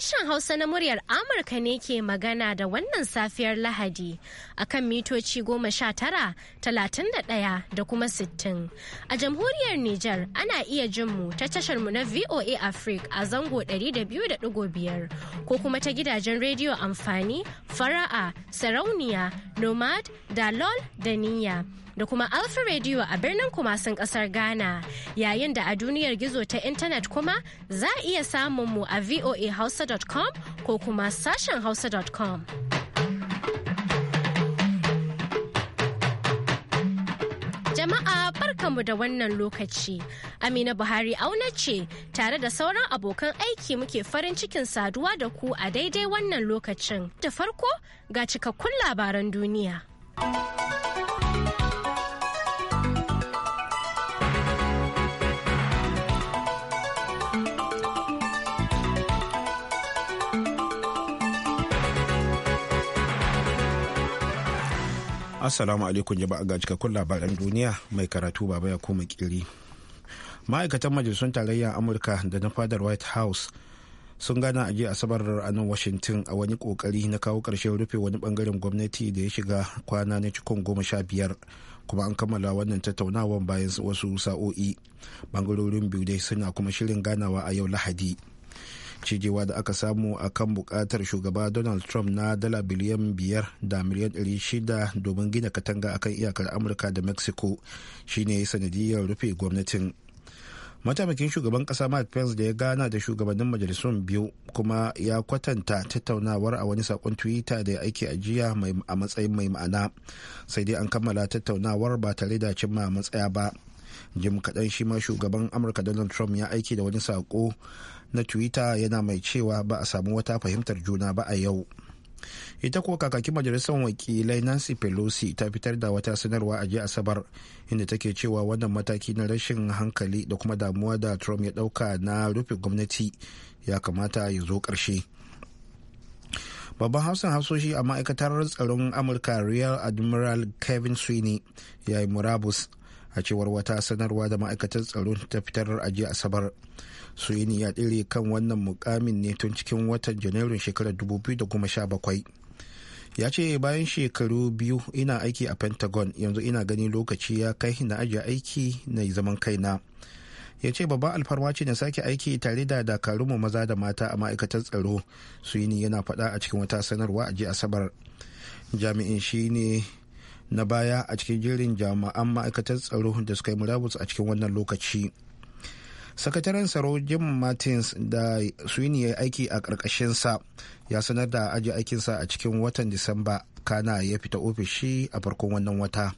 Sashen Hausa na muryar Amurka ne ke magana da wannan safiyar Lahadi a kan mitoci goma sha tara, talatin da ɗaya da kuma sittin. A jamhuriyar Nijar ana iya jinmu ta tasharmu na VOA Africa a zango 200.5 ko kuma ta gidajen rediyo amfani, fara'a, sarauniya, nomad, dalol da niyya. da kuma Alpha Radio a birnin Kumasin kasar Ghana. Yayin da a duniyar gizo ta intanet kuma za a iya samun mu a voahausa.com ko kuma sashen hausa.com. Jama'a barkanmu da wannan lokaci. Amina Buhari auna ce tare da sauran abokan aiki muke farin cikin saduwa da ku a daidai wannan lokacin. Da farko ga cikakkun labaran duniya. Assalamu alaikum jama'a ga cikakkun labaran duniya mai karatu baba ya koma kiri. Ma'aikatan majalisun tarayyar Amurka da na fadar White House sun gana a jiya asabar a nan Washington a wani kokari na kawo ƙarshen rufe wani bangaren gwamnati da ya shiga kwana na cikon goma sha biyar kuma an kammala wannan tattaunawan bayan wasu sa'o'i bangarorin biyu dai suna kuma shirin ganawa a yau Lahadi. cijewa da aka samu a kan bukatar shugaba donald trump na dala biliyan biyar da miliyan ɗari shida domin gina katanga a kan iyakar amurka da mexico shine sanadiyar rufe gwamnatin mataimakin shugaban kasa mike pence da ya gana da shugabannin majalisun biyu kuma ya kwatanta tattaunawar a wani sakon twitter da ya aiki ajiya a matsayin mai ma'ana sai dai an kammala tattaunawar ba tare da cimma matsaya ba jim kaɗan shi ma shugaban amurka donald trump ya aiki da wani sako na twitter yana mai cewa ba a samu wata fahimtar juna ba a yau ita kuwa kakakin majalisar wakilai nancy pelosi ta fitar da wata sanarwa a jiya asabar inda take cewa wannan mataki na rashin hankali da kuma damuwa da trump ya dauka na rufe gwamnati ya kamata ya zo karshe babban hausan hausoshi a ma'aikatar tsaron amurka real admiral kevin sweeney ya yi murabus a cewar wata sanarwa da ma'aikatar tsaron ta fitar a jiya asabar suini ya ɗire kan wannan mukamin ne tun cikin watan janairun shekarar 2017 ya ce bayan shekaru biyu ina aiki a pentagon yanzu ina ganin lokaci ya kai na ajiye aiki na zaman kaina ya ce babban alfarma ce na sake aiki tare da dakarunmu maza da mata a ma'aikatar tsaro suini yana faɗa a cikin wata sanarwa a ji asabar jami'in shi ne na baya a cikin jerin jami'an ma'aikatar tsaro da suka yi murabus a cikin wannan lokaci sakataren tsaro jim martins da suini ya aiki a sa ya sanar da aji sa a cikin watan disamba kana ya fita ofishi a farkon wannan wata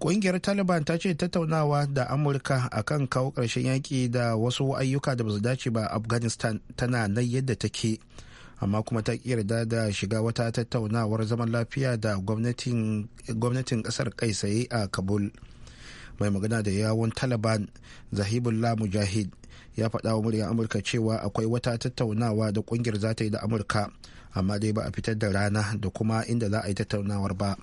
ƙungiyar taliban ta ce tattaunawa da amurka akan kawo ƙarshen yaƙi da wasu ayyuka da ba su dace ba afghanistan tana nan yadda take amma kuma ta yarda da shiga wata tattaunawar zaman lafiya da gwamnatin ƙasar kai a kabul mai magana da yawon taliban zahibullah mujahid ya faɗa wa muryar amurka cewa akwai wata tattaunawa da kungiyar za ta yi da amurka amma dai ba a fitar da rana da kuma inda za a yi tattaunawar ba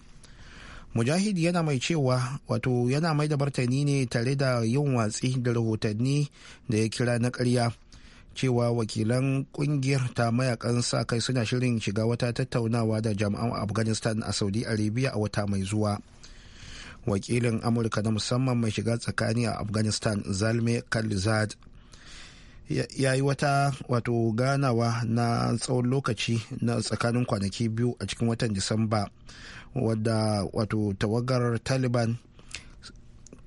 mujahid yana mai cewa wato yana mai da martani ne tare da yin watsi da rahotanni da ya kira na karya cewa wakilan kungiyar ta mayakan sa kai suna shirin shiga wata tattaunawa da jami'an afghanistan a saudi arabia a wata mai zuwa wakilin amurka na musamman mai shiga tsakani a afghanistan zalme khalizad ya yi wata wato ganawa na tsawon lokaci na tsakanin kwanaki biyu a cikin watan disamba wadda wato tawagar taliban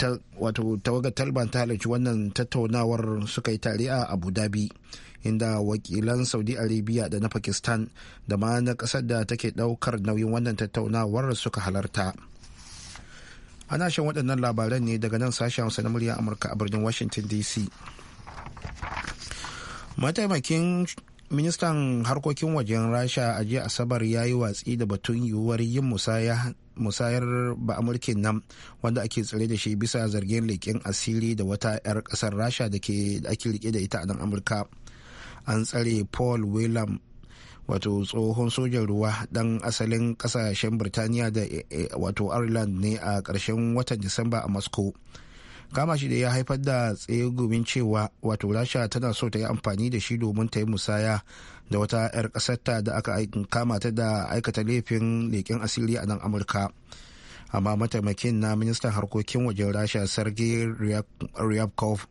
ta, wato tawagar taliban ta halarci wannan tattaunawar suka yi tare a abu dhabi inda wakilan saudi arabia da na pakistan da ma na kasar da take daukar nauyin wannan tattaunawar suka halarta ana shan waɗannan labaran ne daga nan sashen hausa na murya amurka a birnin washington dc mataimakin ministan harkokin wajen rasha a jiya asabar ya yi watsi da batun yiwuwar yin musayar ba'amurkin nan wanda ake tsare da shi bisa zargin leƙen asiri da wata 'yar ƙasar rasha da ake rike da ita a nan amurka an tsare paul william wato tsohon sojan ruwa dan asalin kasashen birtaniya da eh, eh, wato ireland ne a ƙarshen watan disamba a moscow kama shi da ya haifar da tsegumin cewa wato rasha tana so ta yi amfani da shi domin ta yi musaya da wata 'yar ƙasarta da aka kama ta da aikata laifin leƙen asiri a nan amurka amma mataimakin na ministan harkokin wajen rasha sergei ryabkov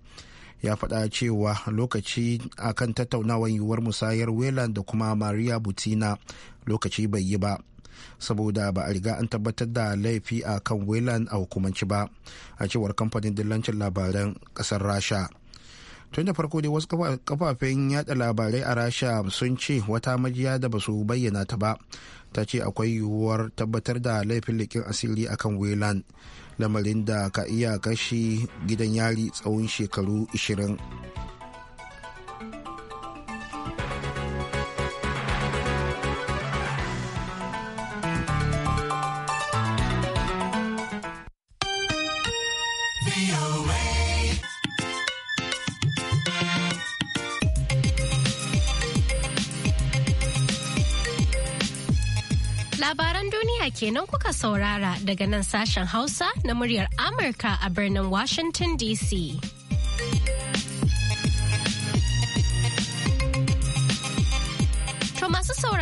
ya faɗa cewa lokaci akan tattaunawar yiwuwar musayar wayland da kuma maria butina lokaci bai yi ba saboda ba a riga an tabbatar da laifi a kan wayland a hukumanci ba a cewar kamfanin dillancin labaran kasar rasha tun da farko dai wasu kafafen yada labarai a rasha sun ce wata majiya da ba su bayyana ta ba ta ce akwai yiwuwar tabbatar da laifin likin asiri a kan wayland lamarin da ka iya kashi gidan yari tsawon shekaru 20 kenan kuka saurara daga nan sashen Hausa na muryar Amurka a birnin Washington DC.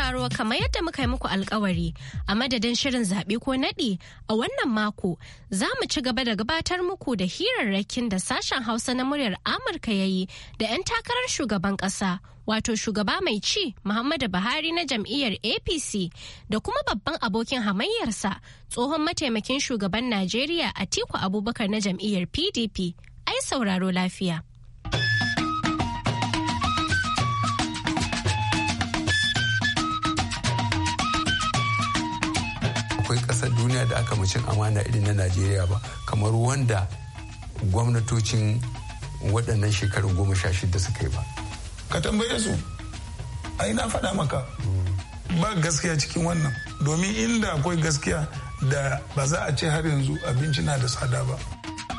sauraro kamar yadda muka yi muku alkawari a madadin shirin zaɓe ko naɗi a wannan mako za mu ci gaba da gabatar muku da hirarrakin da sashen hausa na muryar amurka ya yi da 'yan takarar shugaban ƙasa wato shugaba mai ci muhammadu buhari na jam'iyyar apc da kuma babban abokin hamayyarsa tsohon mataimakin shugaban najeriya atiku abubakar na jam'iyyar pdp ai sauraro lafiya. ƙasar duniya da aka mucin amana irin na najeriya ba kamar wanda gwamnatocin waɗannan shekaru goma sha shida suka yi ba ka tambaye su ai na faɗa maka ba gaskiya cikin wannan domin inda akwai gaskiya da ba za a ce har yanzu abinci na da tsada ba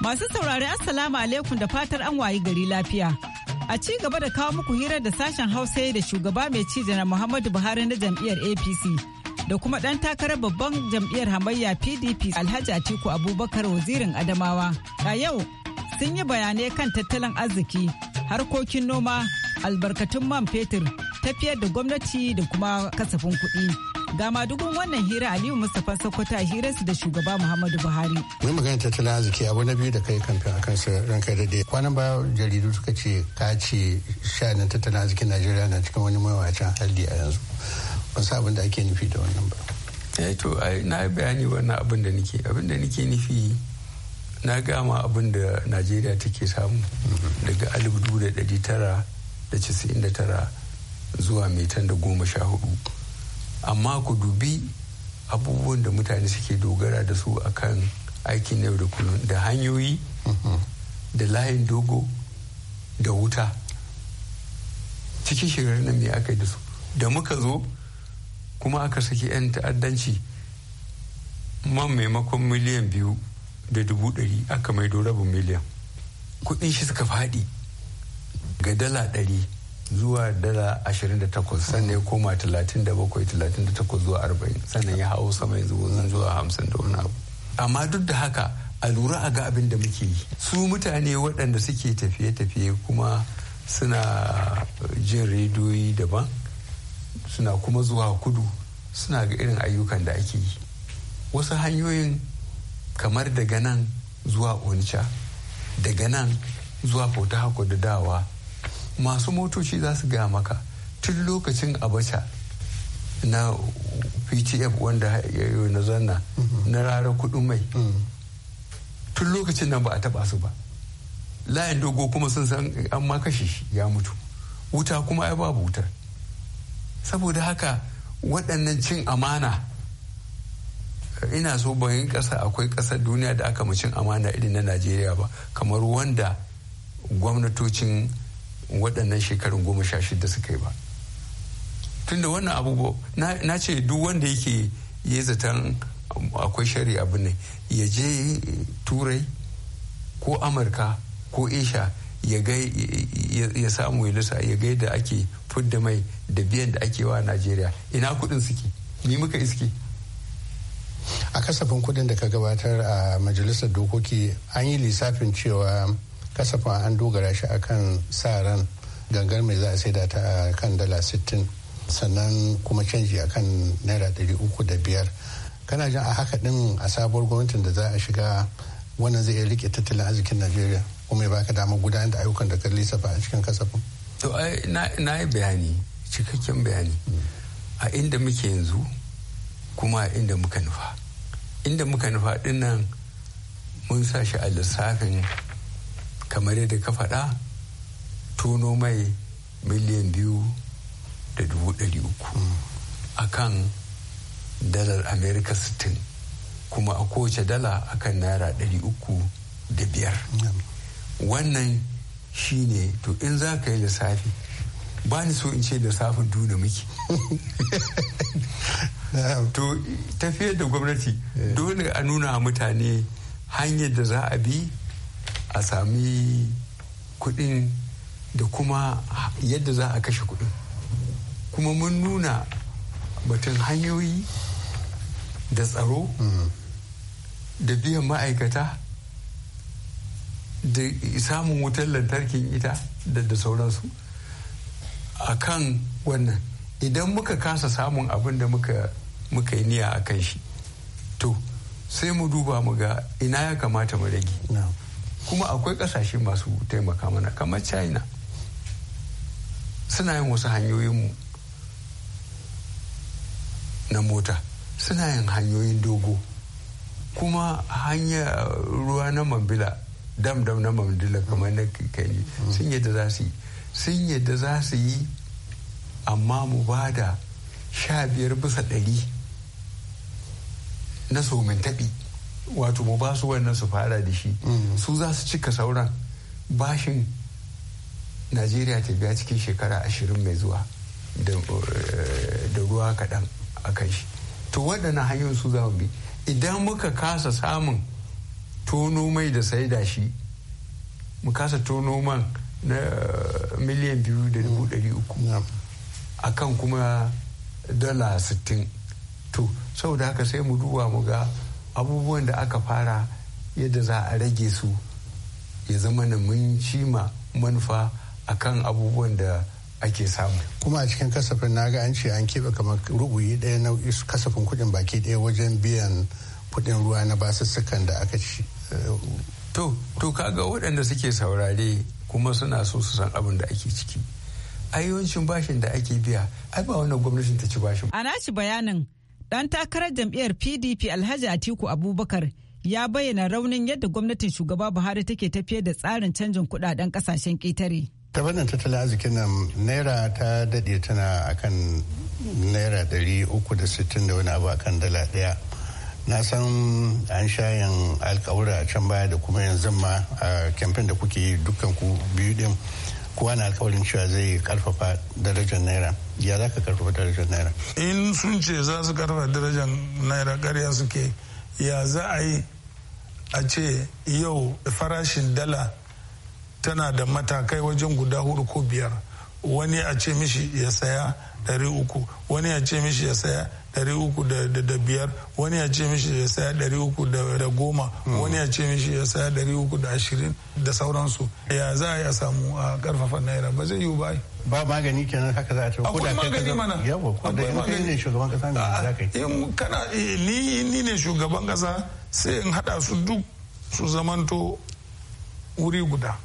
masu saurari assalamu alaikum da fatar an wayi gari lafiya a ci gaba da kawo muku hirar da sashen hausa da shugaba mai ci janar muhammadu buhari na jam'iyyar apc da kuma ɗan takarar babban jam'iyyar hamayya pdp alhaji atiku abubakar wazirin adamawa a yau sun yi bayanai kan tattalin arziki harkokin noma albarkatun man fetur tafiyar da gwamnati da kuma kasafin kuɗi ga madugun wannan hira aliyu mustapha sokoto a su da shugaba muhammadu buhari mai magana tattalin arziki abu na biyu da kai kamfen a kansa kai da dai kwanan baya jaridu suka ce ka ce sha'anin tattalin arzikin najeriya na cikin wani mawacin hali a yanzu ba sa abin da ake nufi da wannan ba eh to na yi bayani wannan abin da nake abin da nake nufi na gama abin da najeriya take samu mhm. daga 1999 zuwa metan da goma sha hudu amma ku dubi abubuwan da mutane suke dogara da su akan aikin yau da kullum da hanyoyi mhm. da layin dogo da wuta cikin shirar nan me aka yi da su da muka zo kuma aka saki 'yan ta'addanci man maimakon miliyan biyu da dubu ɗari aka maido rabin miliyan kuɗin shi suka faɗi ga dala ɗari zuwa dala ashirin da takwas sannan ya koma talatin da bakwai talatin da takwas zuwa arba'in sannan ya hau sama yanzu wajen zuwa hamsin da wani abu amma duk da haka a lura a ga abin da muke yi su mutane waɗanda suke tafiye-tafiye kuma suna jin rediyoyi daban suna kuma zuwa kudu suna ga irin ayyukan da ake yi wasu hanyoyin kamar daga nan zuwa onitsha daga nan zuwa port hako da dawa masu motoci za su gaya maka tun lokacin abacha na ptf wanda ya na zanna mhm. na rara kudu mai mm. tun lokacin nan ba a taba su ba layin dogo kuma sun san an ma kashe shi ya mutu wuta kuma ai babu wutar saboda haka waɗannan cin amana ina so bayan ƙasa akwai ƙasar duniya da aka cin amana irin na najeriya ba kamar wanda gwamnatocin waɗannan shekarun goma sha shida suka yi ba tunda wannan abubuwa na ce duk wanda yake yi zaton akwai shari abu ne ya je turai ko amurka ko isha ya ya samu ya lusa ya ga da ake fudda mai da biyan da ake wa najeriya ina kudin suke ni muka iske a kasafin kudin da ka gabatar a majalisar dokoki an yi lissafin cewa kasafin an dogara shi akan sa ran gangar mai za a saida ta a kan dala 60 sannan kuma canji akan naira ɗari uku da biyar kana jin a haka din a sabuwar gwamnatin da za a shiga wannan zai iya rike tattalin arzikin najeriya kuma ya baka damar gudanar da ayyukan da ka lissafa a cikin kasafin. to na yi bayani cikakken bayani a inda muke yanzu kuma a inda muka nufa inda muka nufa dinnan mun sa shi a lissafin kamar yadda ka faɗa tono mai miliyan biyu da dubu ɗari uku a kan dalar amerika sittin kuma a kowace dala akan naira ɗari uku da biyar wannan shi ne to in za ka yi lissafi ba ni so in ce da safin duna muke to tafiyar da gwamnati dole a nuna mutane hanyar da za a bi a sami kudin da kuma yadda za a kashe kudin kuma mun nuna batun hanyoyi da tsaro mm. da biyan ma'aikata da samun wutar lantarkin ita da da sauransu a kan wannan idan muka kasa samun abin da muka yi niyya a kan shi to sai mu duba mu ga ina ya kamata mu rage kuma akwai kasashe masu taimaka mana kamar china suna yin wasu hanyoyinmu na mota suna yin hanyoyin dogo kuma hanyar ruwa na mambila dam dam na mamdila kamar na kani sun yadda za su yi sun yadda za su yi amma mu ba da sha biyar bisa ɗari na somin taɓi wato mu ba su wannan su fara da shi mm. su za su cika sauran bashin najeriya ta biya cikin shekara ashirin mai zuwa da eh, ruwa kaɗan a kan shi to waɗannan hanyoyin su za mu bi idan muka kasa samun tono mai da saida shi mu kasa tono man na eh, miliyan biyu da dubu mm. ɗari uku a kan kuma dala sittin to saboda haka sai mu duba mu ga abubuwan da aka fara yadda za a rage su ya zama na mun cima manufa a kan abubuwan da ake samu kuma a cikin kasafin na ga an ce an keɓe kamar rubuyi ɗaya na kasafin kuɗin baki ɗaya wajen biyan kuɗin ruwa na basussukan da aka ci to to kaga waɗanda suke saurare kuma suna so su san abin da ake ciki ayyancin bashin da ake biya ai ba wannan gwamnatin ta ci bashin a naci bayanin dan takarar jam'iyyar pdp alhaji atiku abubakar ya bayyana raunin yadda gwamnatin shugaba buhari take tafiye da tsarin canjin kudaden kasashen ƙetare ta fannin tattalin arzikin nan naira ta daɗe tana akan naira ɗari uku da sittin da wani abu akan dala ɗaya na san an shayin alkawura can baya da kuma yanzu ma a kamfen da kuke dukkan ku biyu din kowa na alkawarin cewa zai karfafa darajar naira ya za ka karfafa darajar naira in sun ce za su karfafa darajar naira karya suke ya za a yi a ce yau farashin dala tana da matakai wajen guda hudu ko biyar wani a ce mishi ya saya ɗari uku wani a ce mishi ya saya ɗari uku da biyar wani a ce mishi ya saya ɗari uku da goma mm. wani a ce mishi ya saya ɗari uku da ashirin da sauransu ya za a samu a karfafa naira ba zai yiwu ba ba magani kenan haka za a ce akwai magani mana yawa ko da ne shugaban kasa ne za ka yi kana eh, ni ni ne shugaban kasa sai in hada su duk su zamanto wuri guda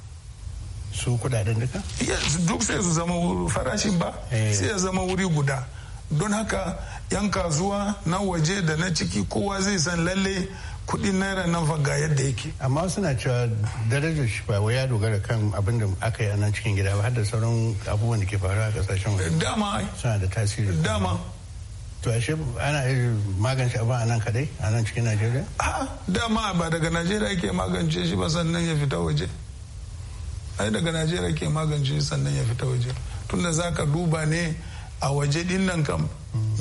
su kudaden duka duk sai su zama farashin ba eh. sai ya zama wuri guda don haka yan kasuwa na waje da na ciki kowa zai san lalle kudin naira nan fa ga yadda yake amma suna cewa darajar shi ba ya dogara kan abin da aka yi nan cikin gida ba har da sauran abubuwan da ke faruwa a kasashen waje dama suna da tasiri dama to ashe ana yi magance abin a nan kadai a nan cikin najeriya a dama ba daga najeriya yake magance shi ba sannan ya fita waje ai daga najeriya ke magance sannan ya fita waje tunda za ka duba ne a waje din nan kam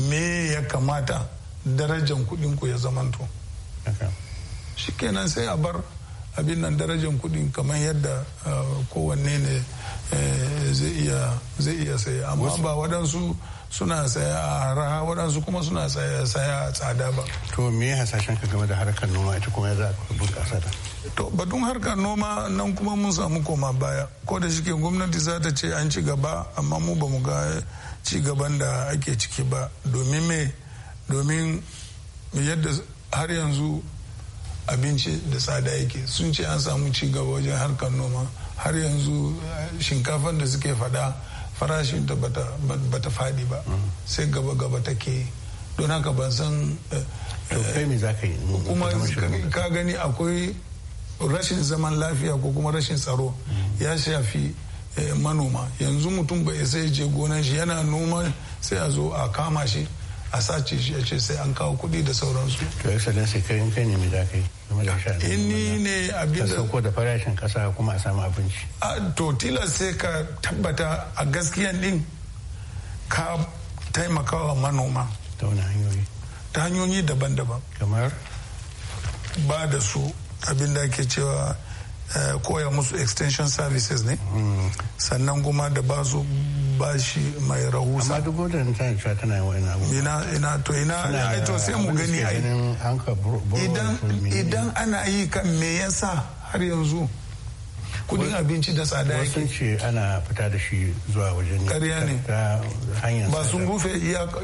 me ya kamata darajan kudin ku ya zamanto shikenan sai a bar abin nan darajan kudin kamar yadda eh, kowanne ne eh, zai iya sai amma ba waɗansu suna saya a raha waɗansu kuma suna saya a tsada ba. To me ya hasashen ka game da harkar noma ita kuma za a bunƙasa ta? To batun harkar noma nan kuma mun samu koma baya ko da shike gwamnati za ta ce an ci gaba amma mu ba mu ga ci gaban da ake ciki ba domin me domin yadda har yanzu abinci da tsada yake sun ce an samu ci gaba wajen harkar noma har yanzu eh, shinkafan da suke faɗa. farashin da bata faɗi ba sai gaba-gaba take don haka ban san eh, kuma ka gani akwai rashin zaman lafiya ko kuma rashin tsaro ya shafi eh, manoma yanzu mutum ba isa ya je gonan shi yana noma sai a zo a kama shi a sace shi a ce sai an kawo kuɗi da sauransu. To excellency kai in kai ne mai za ka yi da In ni ne abin da. Ka da farashin kasa kuma a samu abinci. To tilas sai ka tabbata a gaskiyan din ka taimakawa manoma. Ta wani hanyoyi. Ta hanyoyi daban-daban. Kamar? Ba da su abin da ake cewa eh, koya musu extension services ne. Hmm. Sannan kuma da ba su bashi mai rahusa amma duk ta yi cewa tana yin wani abu ina ina to ina ai to sai mu gani ai idan idan ana yi kan me yasa har yanzu kudin abinci da tsada yake sun ce ana fita da shi zuwa wajen ƙarya ne ba sun gufe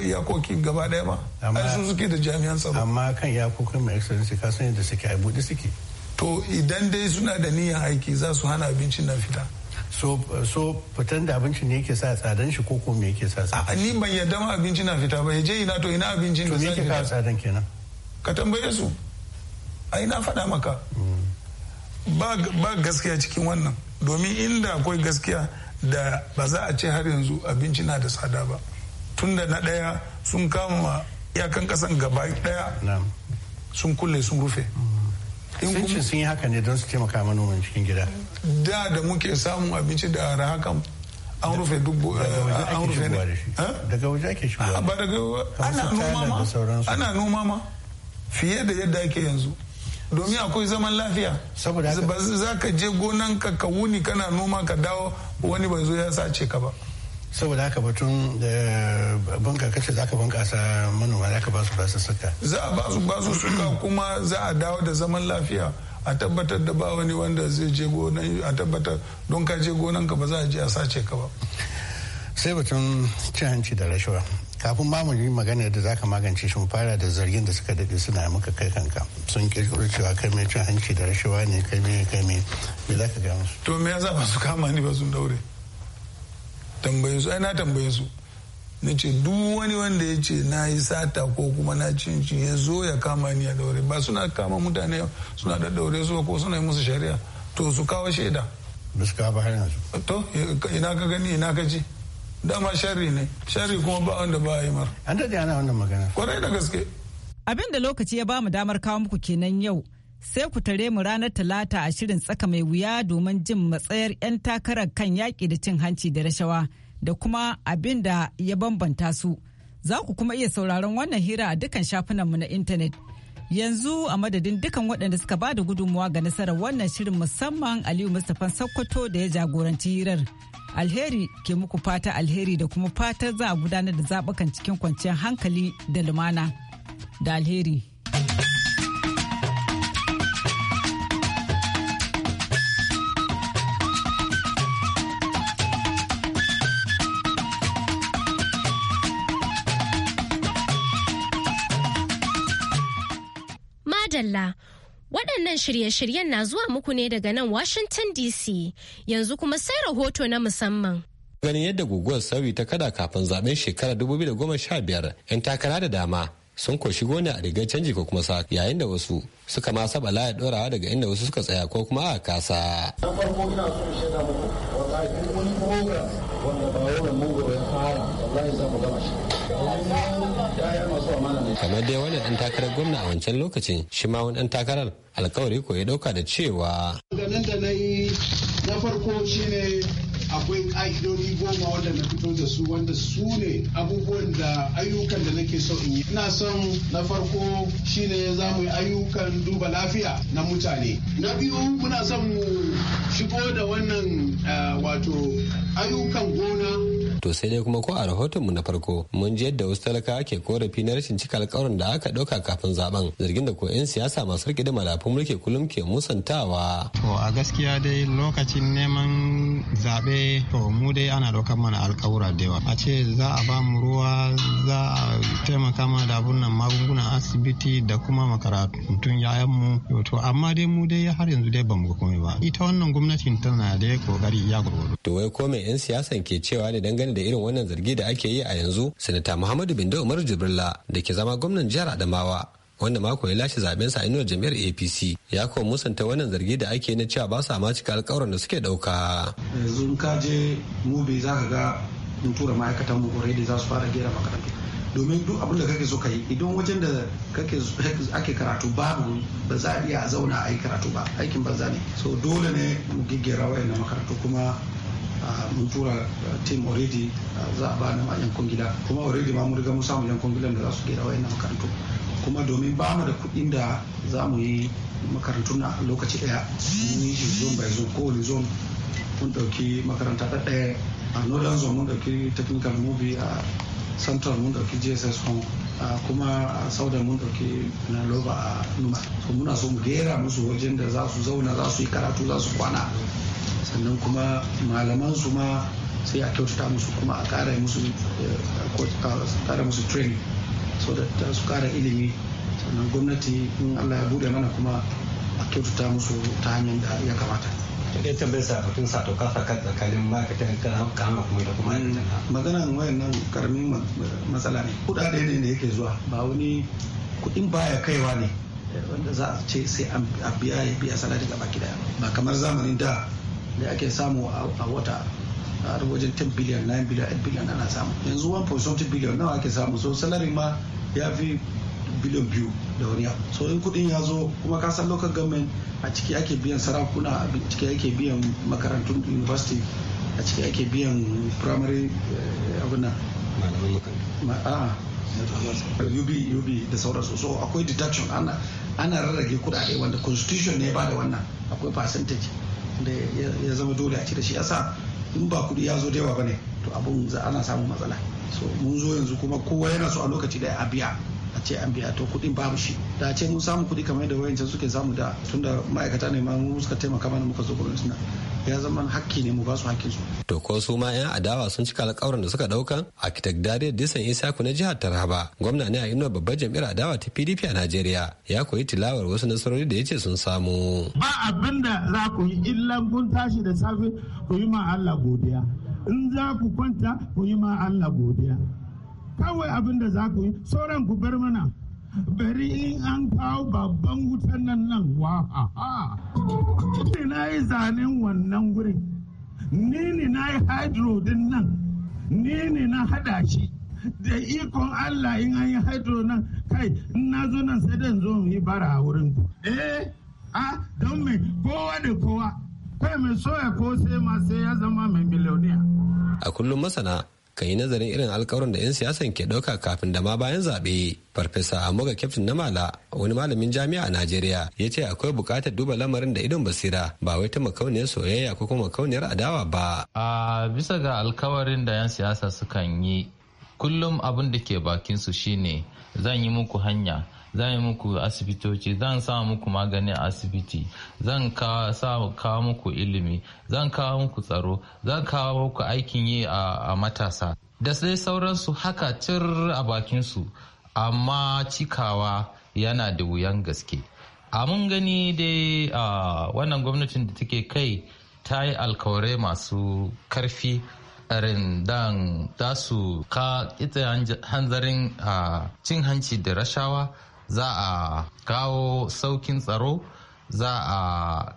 iyakoki gaba daya ba ai su suke da jami'an tsaro amma kan iyakokin mai excellency ka san yadda suke ai buɗe suke to idan dai suna da niyyar aiki za su hana abincin na fita so so fitan da abinci ne yake sa tsadan shi ko kuma me yake sa tsadan ni ban yadda ma abinci na fita ba je ina to ina abincin da zai fita to tsadan kenan ka tambaye su ai na faɗa maka ba gaskiya cikin wannan domin inda akwai gaskiya da ba za a ce har yanzu abinci na da tsada ba tunda na ɗaya sun kama iyakan ƙasan gaba ɗaya sun kulle sun rufe. Mm. sun sun yi haka ne don su taimaka manoman cikin gida da da muke samun abinci da ara haka an rufe duk eh, an rufe ne daga waje ake shigowa ah, ba daga ana noma ma ana noma ma fiye da yadda ake yanzu domin akwai zaman lafiya saboda za ka je gonan ka ka wuni kana noma ka dawo wani bai zo ya sace ka ba saboda haka batun da eh, banka kace zaka bunkasa manoma za ka ba su suka za a ba su suka kuma za a dawo da zaman lafiya a tabbatar da ba wani wanda zai je gonan a tabbatar don ka je gonan ka ba za a je a sace ka ba sai batun cin hanci da rashawa kafin ma mu yi magana da zaka magance shi mu fara da zargin da suka dade suna maka kai kanka sun kirkiro cewa kai mai cin hanci da rashawa ne kai mai kai mai me ka ga musu to me yasa ba su kama ni ba sun daure tambayin su ai na tambayin su na ce duk wani wanda ya ce na yi sata ko kuma na cin ya zo ya kama ni ya daure ba suna kama mutane suna da daure su ko suna yi musu shari'a to su kawo shaida ba su kawo to ina ka gani ina ka ji dama shari ne shari kuma ba wanda ba yi mar an daɗe ana wannan magana kwarai da gaske abin da lokaci ya ba mu damar kawo muku kenan yau sai ku tare mu ranar talata a shirin tsaka mai wuya domin jin matsayar 'yan takarar kan yaƙi da cin hanci da rashawa da kuma abin da ya bambanta su za ku kuma iya sauraron wannan hira a dukkan shafinanmu na intanet yanzu a madadin dukkan waɗanda suka ba da gudunmuwa ga nasarar wannan shirin musamman aliyu mustapha sokoto da ya jagoranci hirar alheri ke muku fata alheri da kuma fatar za a gudanar da zaɓukan cikin kwanciyar hankali da lumana da alheri. Madalla. Waɗannan shirye-shiryen na zuwa muku ne daga nan Washington DC yanzu kuma sai rahoto na musamman. Ganin yadda guguwar sauyi ta kada kafin zaben shekarar 2015 'yan takara da dama sun koshi gona a rigar canji ko kuma sa yayin da wasu suka ma saba laya dorawa daga inda wasu suka tsaya ko kuma a kasa. Na farko ina so shaida muku wata wani program wanda ba wani ya fara wallahi za mu gama kamar dai wannan dan takarar gwamna a wancan lokacin shi ma wani dan takarar alkawari ko ya dauka da cewa ganin da na yi na farko shine akwai ka'idodi goma wanda na fito da su wanda su ne abubuwan da ayyukan da nake so in yi ina son na farko shine za mu yi ayyukan duba lafiya na mutane na biyu muna son mu shigo da wannan eh, wato ayyukan gona To sai dai kuma ko a rahoton rahotonmu na farko mun ji yadda wasu talakawa ke korafi na rashin cika alkawarin da aka ɗauka kafin zaben zargin da ko 'yan siyasa masu rike da malafin mulki kullum ke musantawa. To a gaskiya dai lokacin neman zabe to mu dai ana ɗaukar mana alkawura da yawa. A ce za a ba mu ruwa za a taimaka mana da abun nan magungunan asibiti da kuma makarantun yayanmu. To amma dai mu dai har yanzu dai bamu ga komai ba. Ita wannan gwamnatin tana da kokari ya gurgudu. To wai ko me 'yan siyasan ke cewa ne dangane dangane da irin wannan zargi da ake yi a yanzu sanata muhammadu bindo umar jibrila da ke zama gwamnan jihar adamawa wanda mako ya lashe zaben sa inuwar jami'ar apc ya kuma musanta wannan zargi da ake na cewa ba su ma cika alkawarin da suke dauka yanzu in ka je mubi za ka ga in tura ma'aikatan mu da za su fara gera makarantu domin duk abin da kake so ka yi idan wajen da kake ake karatu babu ba za a iya zauna a yi karatu ba aikin banza ne so dole ne mu giggera wayannan makarantu kuma Ah, mun tura ah, team already ah, za a bani da yankun gida kuma already ma mun riga mun samu yankun gidan da za su gera wayannan makarantu kuma domin ba mu da kuɗin da za mu yi makarantu na lokaci ɗaya mun yi zone by zone kowane zone mun ɗauki makaranta ɗaya a northern zone mun ɗauki technical movie a central mun ɗauki jss home kuma a saudan mun ɗauki na loba a numa muna so mu gera musu wajen da za su zauna za su yi karatu za su kwana sannan kuma malaman su ma sai a kyautata musu kuma a kara musu eh, ƙara musu training so da su kara ilimi sannan gwamnati in allah ya bude mana kuma a kyautata musu ta hanyar da ya kamata dai tambayar sa batun sato kafa kan tsakanin ma'aikatan kama kuma da kuma mm, magana wayan nan karamin matsala ne kudade ne da yake zuwa ba wani kudin baya kaiwa ne wanda za a ce sai a biya ya biya salari baki daya ba kamar zamanin da da ake samu a wata a wajen 10 biliyan 9 biliyan 8 biliyan ana samu yanzu 1.7 biliyan nawa ake samu so salari ma ya fi biliyan biyu da wani abu so in kudin ya zo kuma ka san local government a ciki ake biyan sarakuna a ciki ake biyan makarantun university a ciki ake biyan primary abinan ub ub da sauransu so akwai deduction ana rarrage kudade wanda constitution ne ba da wannan akwai percentage da ya zama dole a ci da shi yasa in ba kuɗi ya zo da yawa bane to abun za ana samun matsala so mun zo yanzu kuma kowa yana so a lokaci daya a biya a ce an biya to kuɗin babu shi da ce mun samu kuɗi kamar yadda wayancan suke samu da tunda ma'aikata ne ma mu suka taimaka mana muka zo gwamnati na ya zama hakki ne mu ba su hakkin su. To ko su ma 'yan adawa sun cika alƙawarin da suka ɗauka architect Dare Disan Isaku na jihar Taraba gwamna ne a inuwar babbar jam'iyyar adawa ta PDP a Najeriya ya koyi tilawar wasu nasarori da ya ce sun samu. Ba abin da za ku yi illan kun tashi da safe ku yi ma Allah godiya. In za ku kwanta ku yi ma Allah godiya. kawai abin da za ku yi sauran ku bar mana bari in an kawo babban wutan nan nan wa ha na yi zanen wannan gurin ni ne na yi hydro din nan ni ne na hada shi da ikon Allah in an yi hydro nan kai in na zo nan sai dan zo yi bara a wurin ku. eh a don me kowa da kowa kai mai soya ko sai ma sai ya zama mai miliyoniya a kullum masana kan yi nazarin irin alkawarin da 'yan siyasan ke ɗauka kafin da ma bayan zaɓe. Farfesa Amoga Kyaftin na Mala, wani malamin jami'a a Najeriya, ya ce akwai buƙatar duba lamarin da idon basira ba wai ta makauniyar soyayya ko kuma makauniyar adawa ba. A bisa ga alkawarin da 'yan siyasa sukan yi, kullum abin da ke bakin su shine zan yi muku hanya, zan yi muku asibitoci zan sa muku magani a asibiti zan sa kawo muku ilimi zan kawo muku tsaro zan kawo muku aikin yi a matasa da sai sauransu haka tur a bakinsu amma cikawa yana da wuyan gaske a mun gani dai a wannan gwamnatin da take kai ta yi alkawarai masu karfi irin dan za su ka ita hanzarin cin hanci da rashawa za a kawo saukin tsaro za a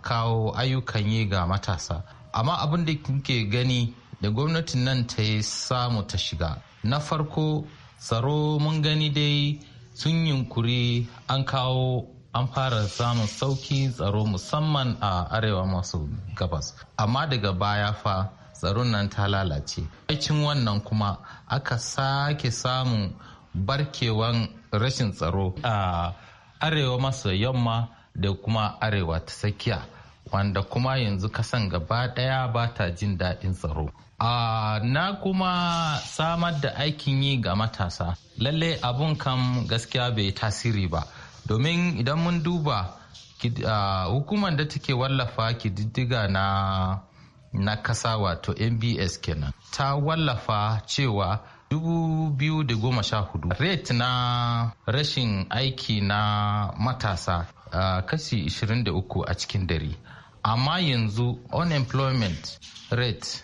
kawo ayyukan yi ga matasa amma abin da kuke gani da gwamnatin nan ta yi samu ta shiga na farko tsaro mun gani dai sun yunkuri an kawo an fara samun sauki tsaro musamman a arewa masu gabas amma daga baya fa tsaron nan ta lalace. Aikin wannan kuma aka sake samun barkewan rashin tsaro a arewa maso yamma da kuma arewa ta tsakiya wanda kuma yanzu kasan gaba daya ba ta jin daɗin tsaro na kuma samar da aikin yi ga matasa lalle abun kan gaskiya bai tasiri ba domin idan mun duba hukumar da take wallafa kididdiga na na kasa wato mbs kenan ta wallafa cewa 2014 rate na rashin aiki na matasa uh, kashi 23 a cikin dare amma yanzu unemployment rate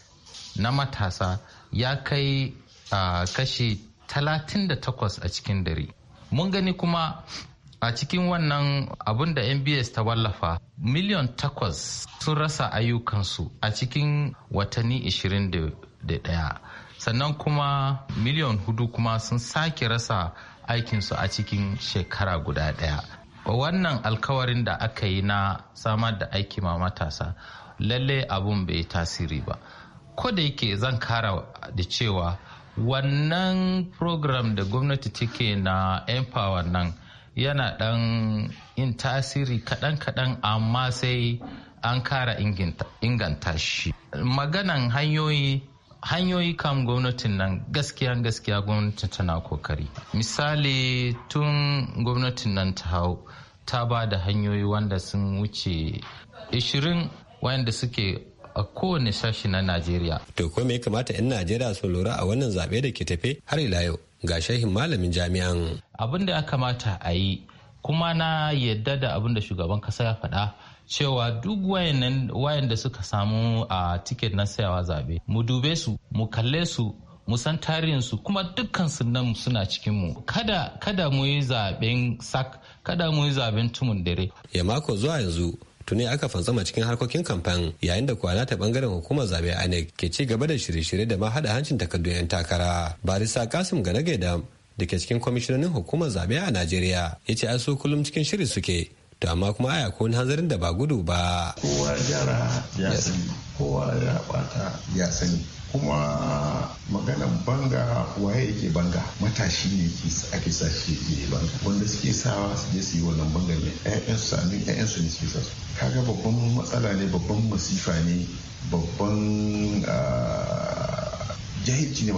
na matasa ya kai uh, kashi 38 a cikin dare mun gani kuma a cikin wannan abin da mbs ta wallafa miliyan takwas sun rasa ayyukansu a cikin watanni 21 sannan kuma miliyan hudu kuma sun sake rasa aikinsu a cikin shekara guda ɗaya wannan alkawarin da aka yi na samar da aiki ma matasa lalle abun bai tasiri ba ko da yake zan kara da cewa wannan program da gwamnati take na empower nan yana dan yin tasiri kadan kadan. amma sai an kara inganta shi maganan hanyoyi hanyoyi kam gwamnatin nan gaskiya gaskiya gwamnati tana kokari misali tun gwamnatin nan ta hau ta ba da hanyoyi wanda sun wuce 20 wanda suke a kowane sashi na najeriya to ko me kamata 'yan najeriya su lura a wannan zaɓe da ke tafe har ila yau ga shehin malamin jami'an abin da ya kamata a yi kuma na yadda da abin da shugaban kasa ya faɗa cewa duk wayan da suka samu a tiket na sayawa zabe mu dube su mu kalle su mu san tarihinsu kuma dukkan su nan suna cikin mu kada kada mu yi zaben sak kada mu yi zaben tumun dare ya mako zuwa yanzu tuni aka fantsama cikin harkokin kamfan yayin da kwana ta bangaren hukumar zabe ne ke ci gaba da shirye-shirye da ma hada hancin takardun 'yan takara barisa kasim gane da da ke cikin kwamishinanin hukumar zabe a najeriya ya ce su kullum cikin shiri suke to amma kuma aya ko hanzarin da ba gudu ba kowa gyara ya sani kowa ya bata ya sani kuma maganan banga waye yake banga matashi ne ake sa shi yake banga wanda suke sawa su je su yi wannan banga ne ƴaƴansu samin ƴaƴansu ne suke sa su kaga babban matsala ne babban masifa ne babban ah, jahilci ne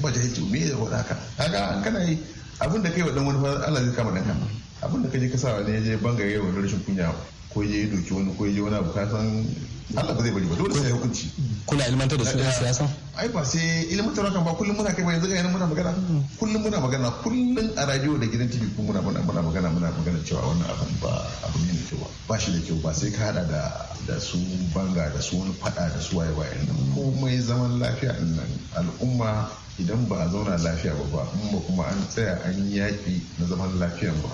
ba jahilci ne ya faɗa haka kaga kana yi abin da kai wa dan wani Allah zai kama dan kama abin da kaje ka sa ne je bangare wani rashin kunya ko je ya doki wani ko ya je wani abu ka san Allah ba zai bari ba dole sai hukunci kuna ilmantar da su da siyasa ai ba sai ilmantar kan ba kullum muna kai ba yanzu ga yana muna magana hmm. kullum muna magana kullum a radio da gidan TV kuma muna muna magana muna magana cewa wannan abin ba abu ne da kyau ba shi da kyau ba sai ka hada da da su banga da su wani fada da su waye waye komai zaman lafiya nan al'umma idan ba a zauna lafiya ba ba in ba kuma an tsaya an yi yaƙi na zaman lafiyan ba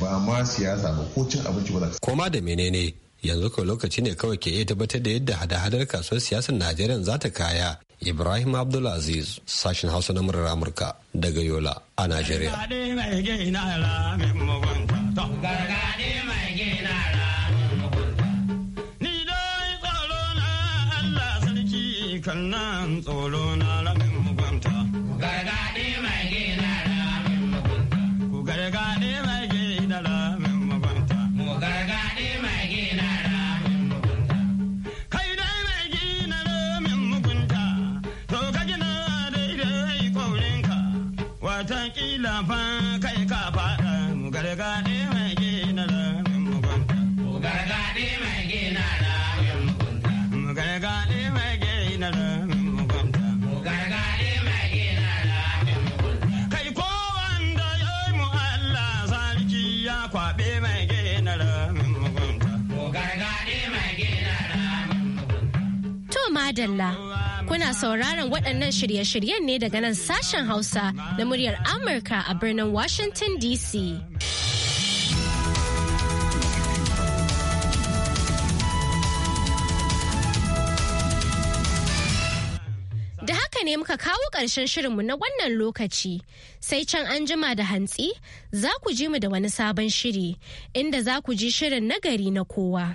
ba ma siyasa ba ko cin abinci ba za koma da menene yanzu ko lokaci ne kawai ke iya tabbatar da yadda hada-hadar kasuwar siyasar najeriya za ta kaya ibrahim abdulaziz sashen hausa na murar amurka daga yola a najeriya kan nan tsoro na Kuna sauraron waɗannan shirye-shiryen ne daga nan sashen Hausa na muryar Amurka a birnin Washington DC. Da haka ne muka kawo ƙarshen shirinmu na wannan lokaci, sai can an jima da hantsi za ku ji mu da wani sabon shiri, inda za ku ji shirin nagari na kowa.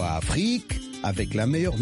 à Afrique avec la meilleure